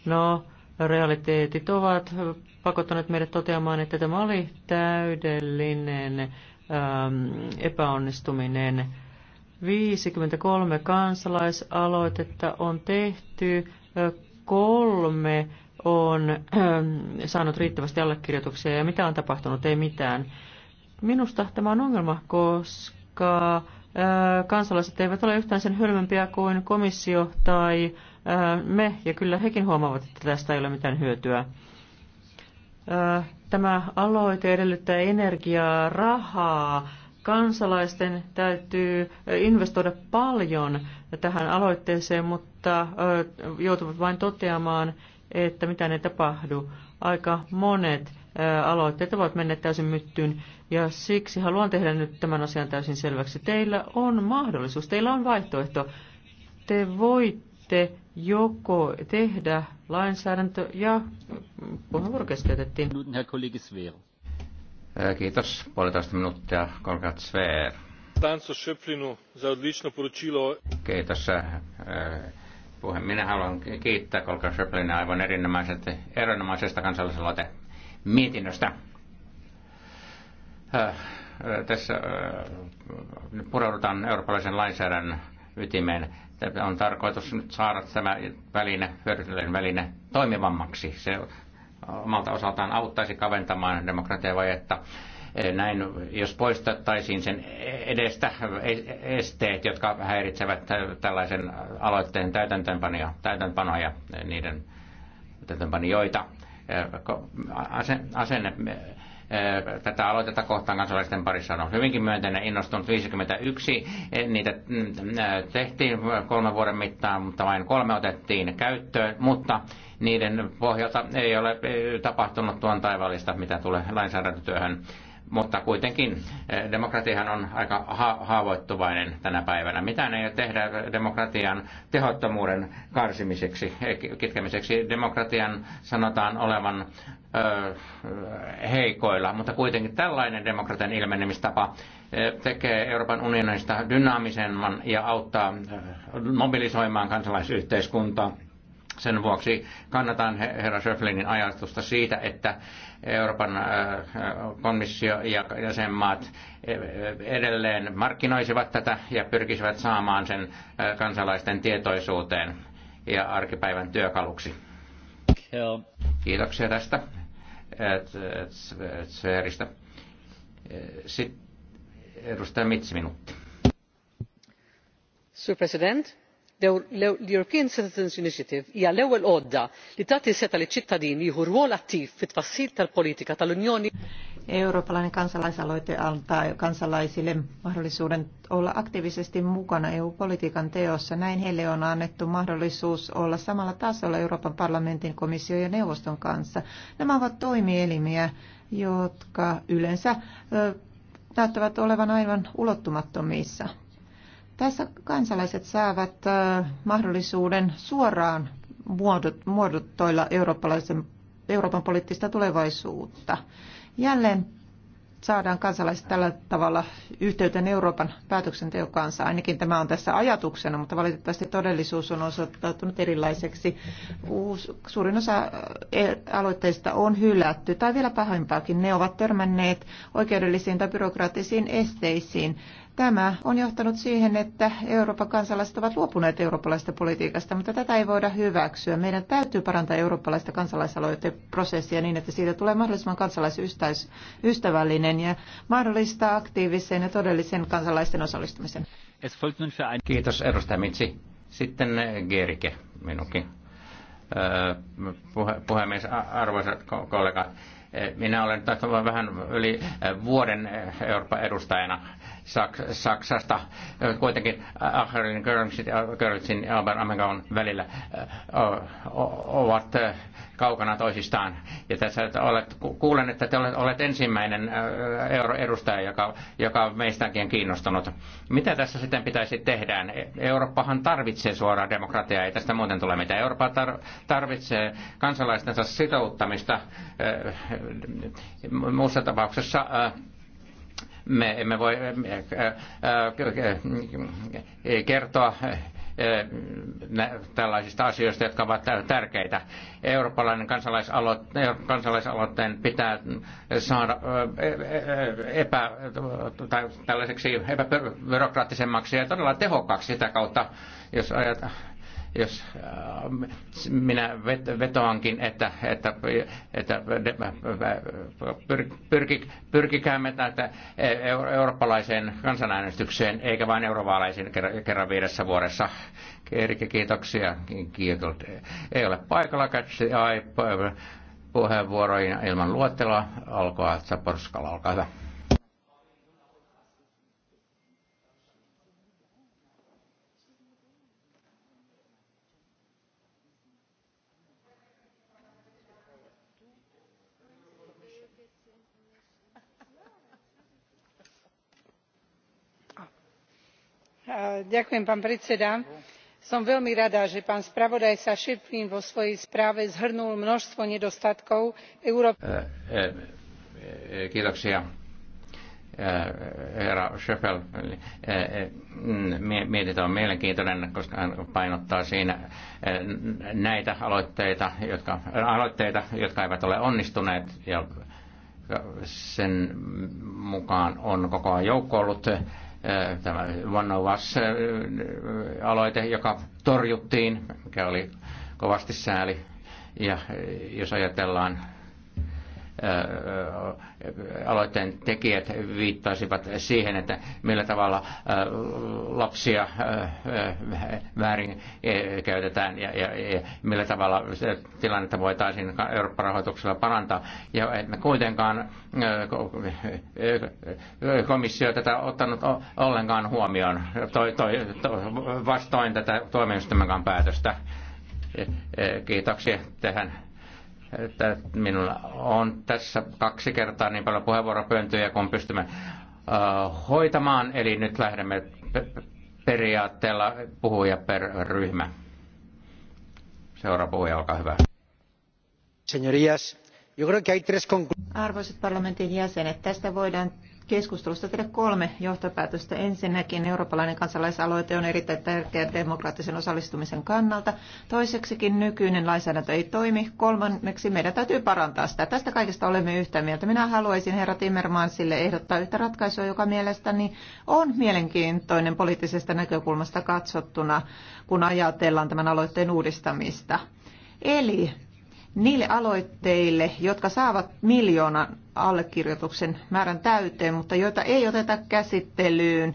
No, realiteetit ovat pakottaneet meidät toteamaan, että tämä oli täydellinen äm, epäonnistuminen. 53 kansalaisaloitetta on tehty, äh, kolme on ähm, saanut riittävästi allekirjoituksia ja mitä on tapahtunut? Ei mitään. Minusta tämä on ongelma, koska äh, kansalaiset eivät ole yhtään sen hölmempiä kuin komissio tai äh, me, ja kyllä hekin huomaavat, että tästä ei ole mitään hyötyä. Äh, tämä aloite edellyttää energiaa, rahaa, kansalaisten täytyy investoida paljon tähän aloitteeseen, mutta joutuvat vain toteamaan, että mitä ne tapahdu. Aika monet aloitteet ovat menneet täysin myttyyn ja siksi haluan tehdä nyt tämän asian täysin selväksi. Teillä on mahdollisuus, teillä on vaihtoehto. Te voitte joko tehdä lainsäädäntö ja puheenvuoro keskeytettiin. Kiitos. Puolitoista minuuttia. Kolkat Sveer. Kiitos. Kiitos puhe. Minä haluan kiittää Kolka Schöplinä aivan erinomaisesta, erinomaisesta kansallisaloite mietinnöstä. Äh, äh, tässä äh, nyt pureudutaan eurooppalaisen lainsäädännön ytimeen. On tarkoitus nyt saada tämä väline, hyödyllinen väline toimivammaksi. Se omalta osaltaan auttaisi kaventamaan demokratiavajetta vajetta näin, jos poistettaisiin sen edestä esteet, jotka häiritsevät tällaisen aloitteen täytäntöönpanoja, täytäntöönpanoja niiden täytäntöönpanijoita, asenne tätä aloitetta kohtaan kansalaisten parissa on hyvinkin myönteinen, innostunut 51. Niitä tehtiin kolmen vuoden mittaan, mutta vain kolme otettiin käyttöön, mutta niiden pohjalta ei ole tapahtunut tuon taivaallista, mitä tulee lainsäädäntötyöhön mutta kuitenkin eh, demokratiahan on aika haavoittuvainen tänä päivänä. Mitä ei tehdä demokratian tehottomuuden karsimiseksi, eh, kitkemiseksi. Demokratian sanotaan olevan ö, eh, heikoilla, mutta kuitenkin tällainen demokratian ilmenemistapa tekee Euroopan unionista dynaamisemman ja auttaa mobilisoimaan kansalaisyhteiskuntaa sen vuoksi kannatan herra Schöflinin ajatusta siitä, että Euroopan äh, komissio ja jäsenmaat e-, edelleen markkinoisivat tätä ja pyrkisivät saamaan sen äh, kansalaisten tietoisuuteen ja arkipäivän työkaluksi. Kiitoksia tästä Sveeristä. E-, Sitten edustaja Mitsi minuutti. Sir President european citizens' initiative hija l-ewwel għodda li tagħti seta' liċ-ċittadini jieħu rwol attiv fit-tfassil tal-politika tal-unjoni. Eurooppalainen kansalaisaloite kansalaisille mahdollisuuden olla aktiivisesti mukana EU-politiikan teossa. Näin heille on annettu mahdollisuus olla samalla tasolla Euroopan parlamentin, komission ja neuvoston kanssa. Nämä ovat toimielimiä, jotka yleensä näyttävät olevan aivan ulottumattomissa. Tässä kansalaiset saavat mahdollisuuden suoraan muodottoilla eurooppalaisen, Euroopan poliittista tulevaisuutta. Jälleen saadaan kansalaiset tällä tavalla yhteyteen Euroopan päätöksenteon kanssa. Ainakin tämä on tässä ajatuksena, mutta valitettavasti todellisuus on osoittautunut erilaiseksi. Uus, suurin osa e-, aloitteista on hylätty, tai vielä pahoimpaakin, ne ovat törmänneet oikeudellisiin tai byrokraattisiin esteisiin, Tämä on johtanut siihen, että Euroopan kansalaiset ovat luopuneet eurooppalaisesta politiikasta, mutta tätä ei voida hyväksyä. Meidän täytyy parantaa eurooppalaista kansalaisaloiteprosessia niin, että siitä tulee mahdollisimman kansalaisystävällinen ja mahdollistaa aktiivisen ja todellisen kansalaisten osallistumisen. Kiitos edustaja Mitsi. Sitten äh, Gerike, minunkin äh, puhe, puhemies, arvoisat kollegat. Äh, minä olen tässä vähän yli vuoden Euroopan edustajana Saksasta kuitenkin Acherin Görlitsin ja Amengaun välillä ovat kaukana toisistaan. Ja tässä olet, kuulen, että te olet ensimmäinen euroedustaja, joka, joka meistäkin on kiinnostunut. Mitä tässä sitten pitäisi tehdä? E, Eurooppahan tarvitsee suoraa demokratiaa, ei tästä muuten tule mitään. Eurooppa tar- tarvitsee kansalaistensa sitouttamista. Muussa tapauksessa me emme voi kertoa tällaisista asioista, jotka ovat tärkeitä. Eurooppalainen kansalaisaloite, kansalaisaloitteen pitää saada epä, tai tällaiseksi epäbyrokraattisemmaksi ja todella tehokkaaksi sitä kautta, jos ajatellaan jos äh, minä vetoankin, että, että, että pyrki, pyrkikäämme tätä e-, eurooppalaiseen kansanäänestykseen, eikä vain eurovaalaisiin kerran viidessä vuodessa. Erikki, kiitoksia. Kiitos. Ei ole paikalla katsi ai, puheenvuoroja ilman luettelua. Alkaa Zaporskalla, olkaa hyvä. som veľmi rada že pán spravodajca schpflin vo svojej správe zhrnul množstvo nedostatkov európskej eh, eh, eh, herra on painottaa näitä aloitteita, jotka, eivät ole onnistuneet ja sen mukaan on koko joukko Äh, tämä One of no Us-aloite, äh, joka torjuttiin, mikä oli kovasti sääli. Ja äh, jos ajatellaan aloitteen tekijät viittasivat siihen, että millä tavalla lapsia väärin käytetään ja, ja, ja millä tavalla tilannetta voitaisiin Eurooppa-rahoituksella parantaa. Ja että kuitenkaan komissio tätä ottanut ollenkaan huomioon toi, toi, toi, vastoin tätä tuomioistuimenkaan päätöstä. Kiitoksia tähän että minulla on tässä kaksi kertaa niin paljon puheenvuoropöntöjä kuin pystymme hoitamaan, eli nyt lähdemme periaatteella puhuja per ryhmä. Seuraava puhuja, olkaa hyvä. Señorías, yo creo que hay tres Arvoisat parlamentin jäsenet, tästä voidaan keskustelusta tehdä kolme johtopäätöstä. Ensinnäkin eurooppalainen kansalaisaloite on erittäin tärkeä demokraattisen osallistumisen kannalta. Toiseksikin nykyinen lainsäädäntö ei toimi. Kolmanneksi meidän täytyy parantaa sitä. Tästä kaikesta olemme yhtä mieltä. Minä haluaisin herra Timmermansille ehdottaa yhtä ratkaisua, joka mielestäni on mielenkiintoinen poliittisesta näkökulmasta katsottuna, kun ajatellaan tämän aloitteen uudistamista. Eli niille aloitteille, jotka saavat miljoonan allekirjoituksen määrän täyteen, mutta joita ei oteta käsittelyyn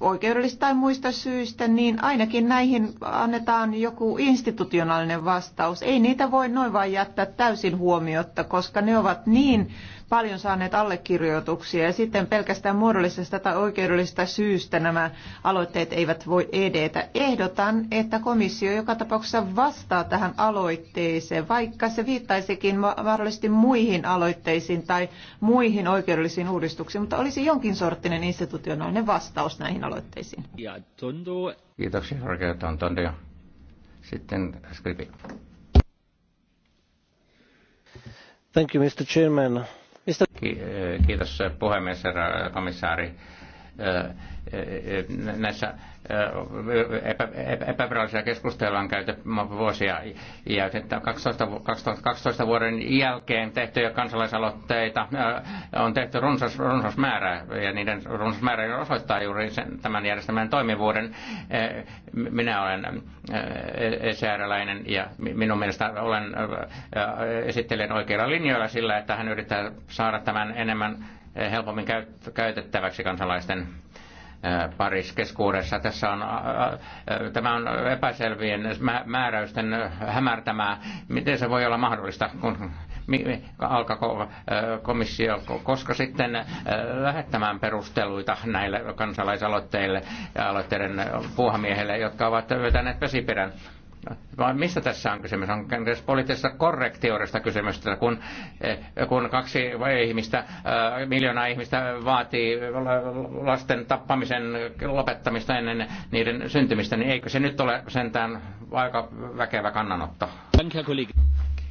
oikeudellisista tai muista syistä, niin ainakin näihin annetaan joku institutionaalinen vastaus. Ei niitä voi noin vain jättää täysin huomiotta, koska ne ovat niin paljon saaneet allekirjoituksia ja sitten pelkästään muodollisesta tai oikeudellisesta syystä nämä aloitteet eivät voi edetä. Ehdotan, että komissio joka tapauksessa vastaa tähän aloitteeseen, vaikka se viittaisikin mahdollisesti muihin aloitteisiin tai muihin oikeudellisiin uudistuksiin, mutta olisi jonkin sorttinen institutionaalinen vastaus näihin aloitteisiin. Ja tuntuu... Kiitoksia, Roger Tontondo. Sitten Skripi. Thank you, Mr. Chairman. Eh, kiitos eh, puhemies, herra komissaari näissä epävirallisia keskusteluja on käyty vuosia. Ja 2012 vuoden jälkeen tehtyjä kansalaisaloitteita on tehty runsas, runsas määrä, ja niiden runsas määrä osoittaa juuri sen, tämän järjestelmän toimivuuden. Minä olen sääräläinen ja minun mielestä olen esittelen oikeilla linjoilla sillä, että hän yrittää saada tämän enemmän helpommin käytettäväksi kansalaisten Paris keskuudessa. Tässä on, tämä on epäselvien määräysten hämärtämää. Miten se voi olla mahdollista, kun alkako komissio koska sitten lähettämään perusteluita näille kansalaisaloitteille ja aloitteiden puuhamiehille, jotka ovat vetäneet vesiperän vai mistä tässä on kysymys? On kenties poliittisesta korrektioudesta kysymys, kun, eh, kun kaksi ihmistä, eh, miljoonaa ihmistä vaatii lasten tappamisen lopettamista ennen niiden syntymistä, niin eikö se nyt ole sentään aika väkevä kannanotto?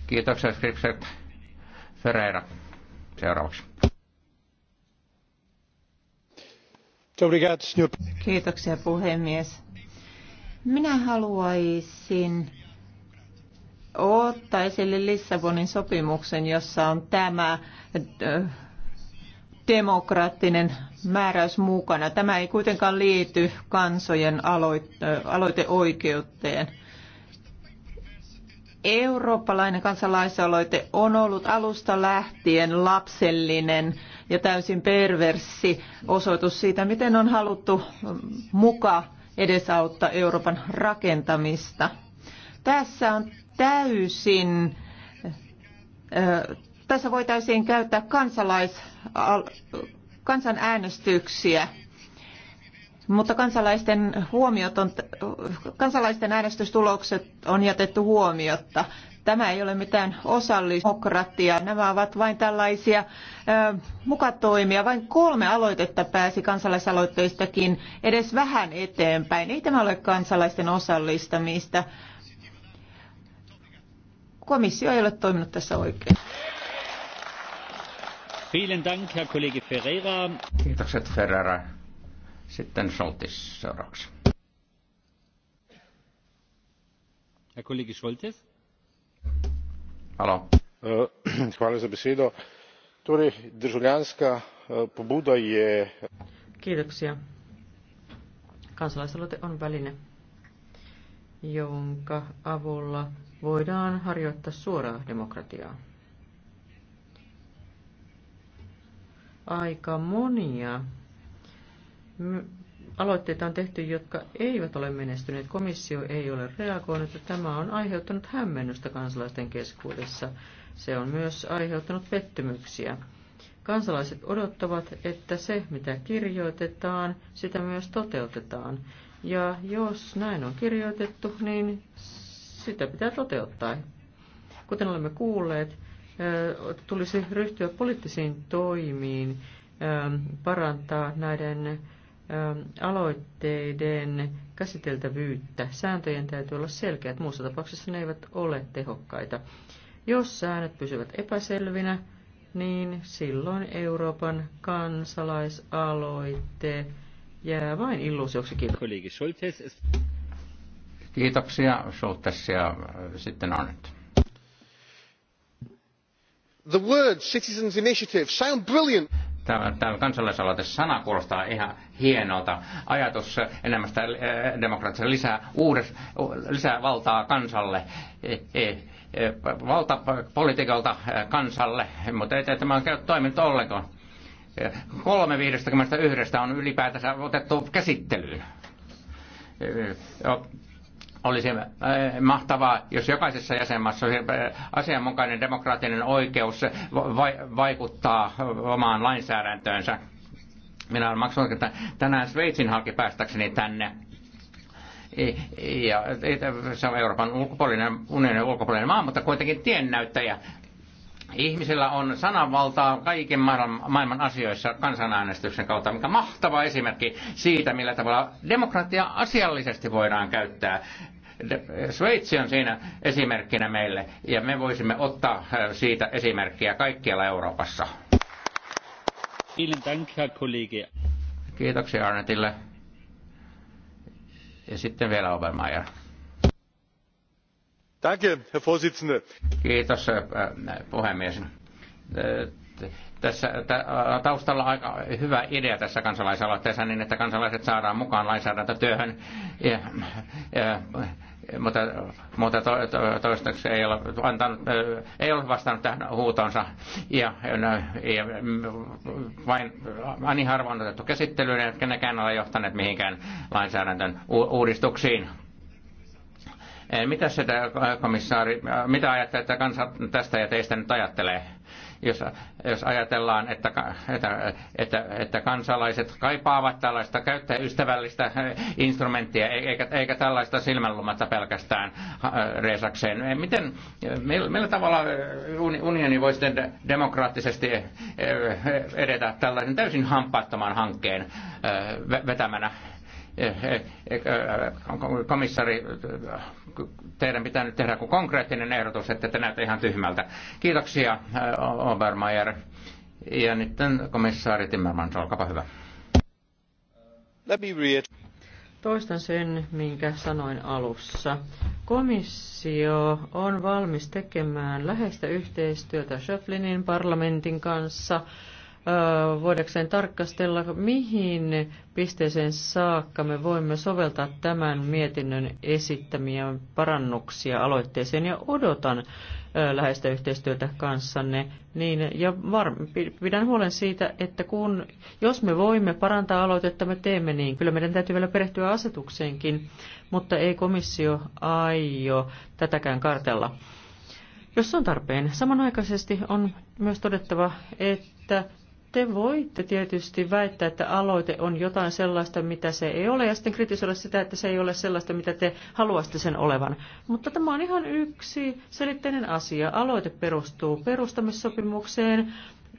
Kiitoksia, Skripset. Ferreira, seuraavaksi. Kiitoksia puhemies minä haluaisin ottaa esille Lissabonin sopimuksen, jossa on tämä demokraattinen määräys mukana. Tämä ei kuitenkaan liity kansojen aloiteoikeuteen. Eurooppalainen kansalaisaloite on ollut alusta lähtien lapsellinen ja täysin perverssi osoitus siitä, miten on haluttu muka edesauttaa Euroopan rakentamista. Tässä on täysin, tässä voitaisiin käyttää kansalais, kansanäänestyksiä mutta kansalaisten, huomiot on, kansalaisten äänestystulokset on jätetty huomiotta. Tämä ei ole mitään osallisdemokratiaa. Nämä ovat vain tällaisia ö, mukatoimia. Vain kolme aloitetta pääsi kansalaisaloitteistakin edes vähän eteenpäin. Ei tämä ole kansalaisten osallistamista. Komissio ei ole toiminut tässä oikein. Vielen Dank, Herr Kollege Ferreira. Kiitokset Ferreira. Sitten Scholtis, seuraavaksi. Herr Kollege Scholtis. Eh, *clears throat* torej državljanska eh, pobuda je. kiitoksia. kansalaisaloite on väline jonka avulla voidaan harjoittaa suoraa demokratiaa. Aika monia aloitteita on tehty, jotka eivät ole menestyneet. Komissio ei ole reagoinut ja tämä on aiheuttanut hämmennystä kansalaisten keskuudessa. Se on myös aiheuttanut pettymyksiä. Kansalaiset odottavat, että se, mitä kirjoitetaan, sitä myös toteutetaan. Ja jos näin on kirjoitettu, niin sitä pitää toteuttaa. Kuten olemme kuulleet, tulisi ryhtyä poliittisiin toimiin parantaa näiden Ähm, aloitteiden käsiteltävyyttä. Sääntöjen täytyy olla selkeät, muussa tapauksessa ne eivät ole tehokkaita. Jos säännöt pysyvät epäselvinä, niin silloin Euroopan kansalaisaloitte jää vain illuusioksi. Kiitoksia Schultes ja äh, sitten Arnett. The words citizens initiative sound brilliant tämä, tämä kansalaisaloite sana kuulostaa ihan hienolta. Ajatus äh, enemmästä äh, demokratiasta lisää, uudes, lisää valtaa kansalle. E, e, e, valta äh, politiikalta kansalle, mutta ei tämä ole toiminut ollenkaan. Kolme yhdestä on ylipäätänsä otettu käsittelyyn olisi äh, mahtavaa, jos jokaisessa jäsenmaassa olisi äh, asianmukainen demokraattinen oikeus vaikuttaa omaan lainsäädäntöönsä. Minä olen maksanut tänään Sveitsin halki päästäkseni tänne ja se on Euroopan ulkopuolinen, unionin ulkopuolinen maa, mutta kuitenkin tiennäyttäjä. Ihmisillä on sananvaltaa kaiken maailman, maailman asioissa kansanäänestyksen kautta, mikä mahtava esimerkki siitä, millä tavalla demokratia asiallisesti voidaan käyttää. Sveitsi on siinä esimerkkinä meille ja me voisimme ottaa äh, siitä esimerkkiä kaikkialla Euroopassa. Kiitoksia Arnetille. Ja sitten vielä Obermeier. Danke, Herr Vorsitzende. Kiitos, äh, äh, puhemies tässä taustalla aika hyvä idea tässä kansalaisaloitteessa niin, että kansalaiset saadaan mukaan lainsäädäntötyöhön. Ja, ja, mutta, mutta to, to, toistaiseksi ei ole, antanut, äh, ei ole vastannut tähän huutonsa ja, no, ja vain ani harvoin otettu käsittelyyn, eivätkä nekään ole johtaneet mihinkään lainsäädäntön uudistuksiin. Eh, mitä, se komissaari, mitä että kansa tästä ja teistä nyt ajattelee? Jos, jos ajatellaan, että, että, että, että kansalaiset kaipaavat tällaista käyttäjäystävällistä instrumenttia, e-, eikä, eikä tällaista silmänlumatta pelkästään reesakseen. Eh, miten, millä, millä tavalla unioni voisi demokraattisesti edetä tällaisen täysin hampaattoman hankkeen vetämänä? Eh, eh, eh, komissari, teidän pitää nyt tehdä kuin konkreettinen ehdotus, että te näette ihan tyhmältä. Kiitoksia, Obermeier. Ja nyt komissaari Timmermans, olkaapa hyvä. Toistan sen, minkä sanoin alussa. Komissio on valmis tekemään läheistä yhteistyötä Schöflinin parlamentin kanssa – voidakseen tarkastella, mihin pisteeseen saakka me voimme soveltaa tämän mietinnön esittämiä parannuksia aloitteeseen ja odotan läheistä yhteistyötä kanssanne. Niin, ja var, pidän huolen siitä, että kun, jos me voimme parantaa aloitetta, me teemme niin. Kyllä meidän täytyy vielä perehtyä asetukseenkin, mutta ei komissio aio tätäkään kartella. Jos on tarpeen, samanaikaisesti on myös todettava, että te voitte tietysti väittää, että aloite on jotain sellaista, mitä se ei ole, ja sitten kritisoida sitä, että se ei ole sellaista, mitä te haluaisitte sen olevan. Mutta tämä on ihan yksi selitteinen asia. Aloite perustuu perustamissopimukseen,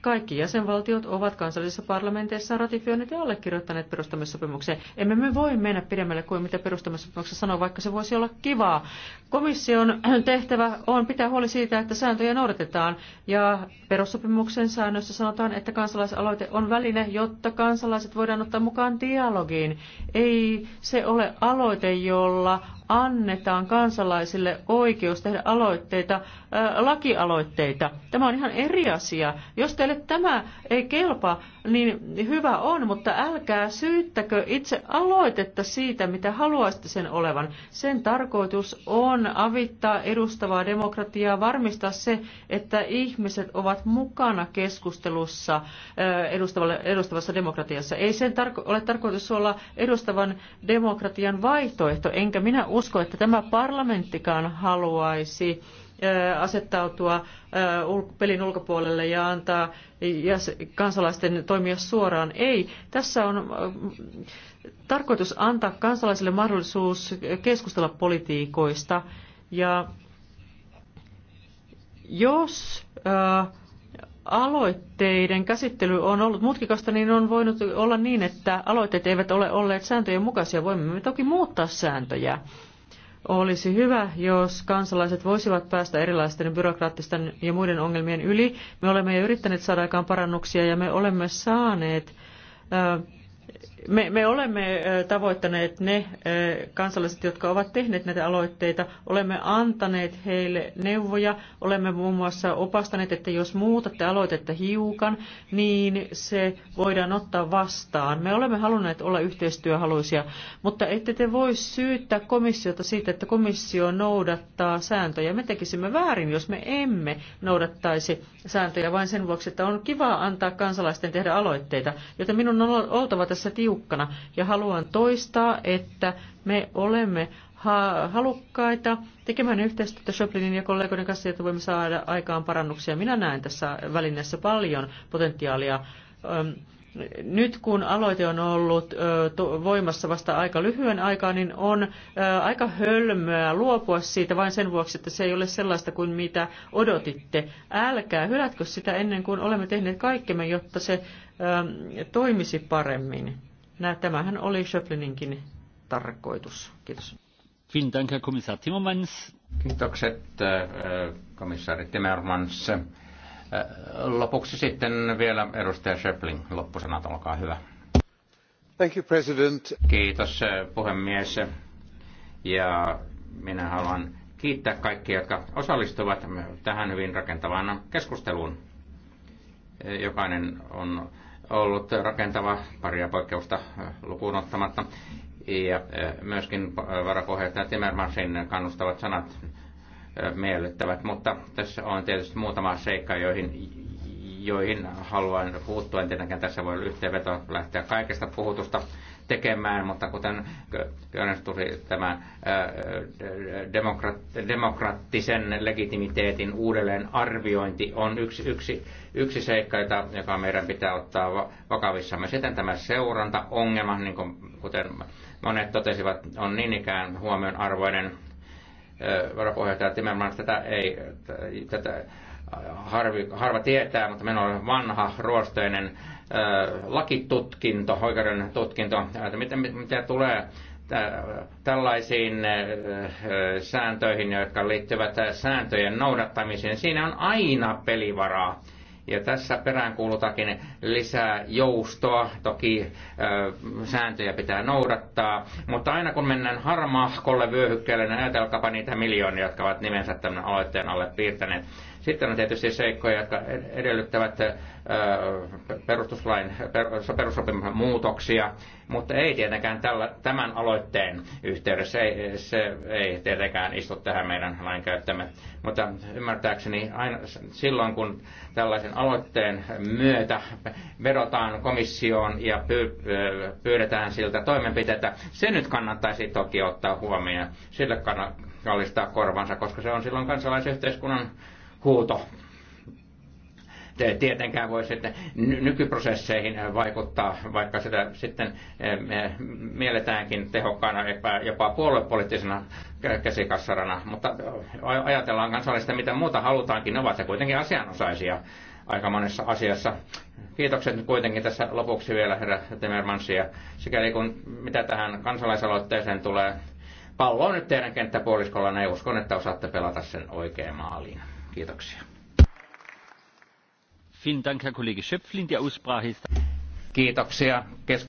kaikki jäsenvaltiot ovat kansallisissa parlamenteissa ratifioineet ja allekirjoittaneet perustamissopimuksen. Emme me voi mennä pidemmälle kuin mitä perustamissopimuksessa sanoo, vaikka se voisi olla kivaa. Komission tehtävä on pitää huoli siitä, että sääntöjä noudatetaan ja perussopimuksen säännössä sanotaan, että kansalaisaloite on väline, jotta kansalaiset voidaan ottaa mukaan dialogiin. Ei se ole aloite, jolla annetaan kansalaisille oikeus tehdä aloitteita, ää, lakialoitteita. Tämä on ihan eri asia. Jos teille tämä ei kelpa, niin hyvä on, mutta älkää syyttäkö itse aloitetta siitä, mitä haluaisitte sen olevan. Sen tarkoitus on avittaa edustavaa demokratiaa, varmistaa se, että ihmiset ovat mukana keskustelussa edustavassa demokratiassa. Ei sen tarko- ole tarkoitus olla edustavan demokratian vaihtoehto, enkä minä usko, että tämä parlamenttikaan haluaisi asettautua pelin ulkopuolelle ja antaa kansalaisten toimia suoraan. Ei, tässä on tarkoitus antaa kansalaisille mahdollisuus keskustella politiikoista. Ja jos aloitteiden käsittely on ollut mutkikasta, niin on voinut olla niin, että aloitteet eivät ole olleet sääntöjen mukaisia. Voimme me toki muuttaa sääntöjä. Olisi hyvä, jos kansalaiset voisivat päästä erilaisten byrokraattisten ja muiden ongelmien yli. Me olemme jo yrittäneet saada aikaan parannuksia ja me olemme saaneet me, me olemme tavoittaneet ne kansalaiset, jotka ovat tehneet näitä aloitteita. Olemme antaneet heille neuvoja. Olemme muun muassa opastaneet, että jos muutatte aloitetta hiukan, niin se voidaan ottaa vastaan. Me olemme halunneet olla yhteistyöhaluisia, mutta ette te voi syyttää komissiota siitä, että komissio noudattaa sääntöjä. Me tekisimme väärin, jos me emme noudattaisi sääntöjä vain sen vuoksi, että on kiva antaa kansalaisten tehdä aloitteita. Joten minun on oltava tässä tiukka tiukkana. Ja haluan toistaa, että me olemme halukkaita tekemään yhteistyötä Schöplinin ja kollegoiden kanssa, että voimme saada aikaan parannuksia. Minä näen tässä välineessä paljon potentiaalia. Nyt kun aloite on ollut voimassa vasta aika lyhyen aikaa, niin on aika hölmöä luopua siitä vain sen vuoksi, että se ei ole sellaista kuin mitä odotitte. Älkää hylätkö sitä ennen kuin olemme tehneet kaikkemme, jotta se toimisi paremmin. Nä, tämähän oli Schöplininkin tarkoitus. Kiitos. Vielen Dank, Herr Kommissar Timmermans. Kiitokset, äh, komissaari Timmermans. Äh, lopuksi sitten vielä edustaja Schöpling, loppusanat, olkaa hyvä. Thank you, President. Kiitos äh, puhemies. Ja minä haluan kiittää kaikkia, jotka osallistuvat tähän hyvin rakentavaan keskusteluun. Jokainen on ollut rakentava paria poikkeusta lukuun ottamatta. Ja myöskin varapuheenjohtaja Timmermansin kannustavat sanat miellyttävät, mutta tässä on tietysti muutama seikka, joihin joihin haluan puuttua. En tietenkään tässä voi yhteenveto lähteä kaikesta puhutusta tekemään, mutta kuten Gönes tuli tämän äh, demokraattisen legitimiteetin uudelleen arviointi on yksi, yksi, yksi seikka, jota, joka meidän pitää ottaa vakavissamme. Sitten tämä seurantaongelma, niin kuin, kuten monet totesivat, on niin ikään huomionarvoinen. Äh, varapuheenjohtaja Timmermans tätä ei, tätä, harvi, harva tietää, mutta minulla on vanha ruosteinen lakitutkinto, oikeuden tutkinto, että miten miten tulee tällaisiin sääntöihin, jotka liittyvät sääntöjen noudattamiseen. Siinä on aina pelivaraa. Ja tässä peräänkuulutakin lisää joustoa. Toki sääntöjä pitää noudattaa, mutta aina kun mennään harmahkolle vyöhykkeelle, niin ajatelkaapa niitä miljoonia, jotka ovat nimensä tämän aloitteen alle piirtäneet. Sitten on tietysti seikkoja, jotka edellyttävät perustuslain, perussopimuksen muutoksia, mutta ei tietenkään tällä, tämän aloitteen yhteydessä, ei, se ei tietenkään istu tähän meidän lainkäyttämme. Mutta ymmärtääkseni aina silloin, kun tällaisen aloitteen myötä vedotaan komissioon ja pyydetään siltä toimenpiteitä, se nyt kannattaisi toki ottaa huomioon. Sille kannattaa kallistaa korvansa, koska se on silloin kansalaisyhteiskunnan huuto tietenkään voi sitten nykyprosesseihin vaikuttaa, vaikka sitä sitten eh, mielletäänkin tehokkaana jopa, jopa puoluepoliittisena käsikassarana, mutta eh, ajatellaan kansallista mitä muuta halutaankin, ne ovat ja kuitenkin asianosaisia aika monessa asiassa. Kiitokset kuitenkin tässä lopuksi vielä herra Temermans ja sikäli kun mitä tähän kansalaisaloitteeseen tulee, pallo on nyt teidän kenttäpuoliskolla ja niin uskon, että osaatte pelata sen oikein maaliin. Kiitoksia. Vielen Dank, Herr Kollege Schöpflin. Die Aussprache ist... Kiitoksia.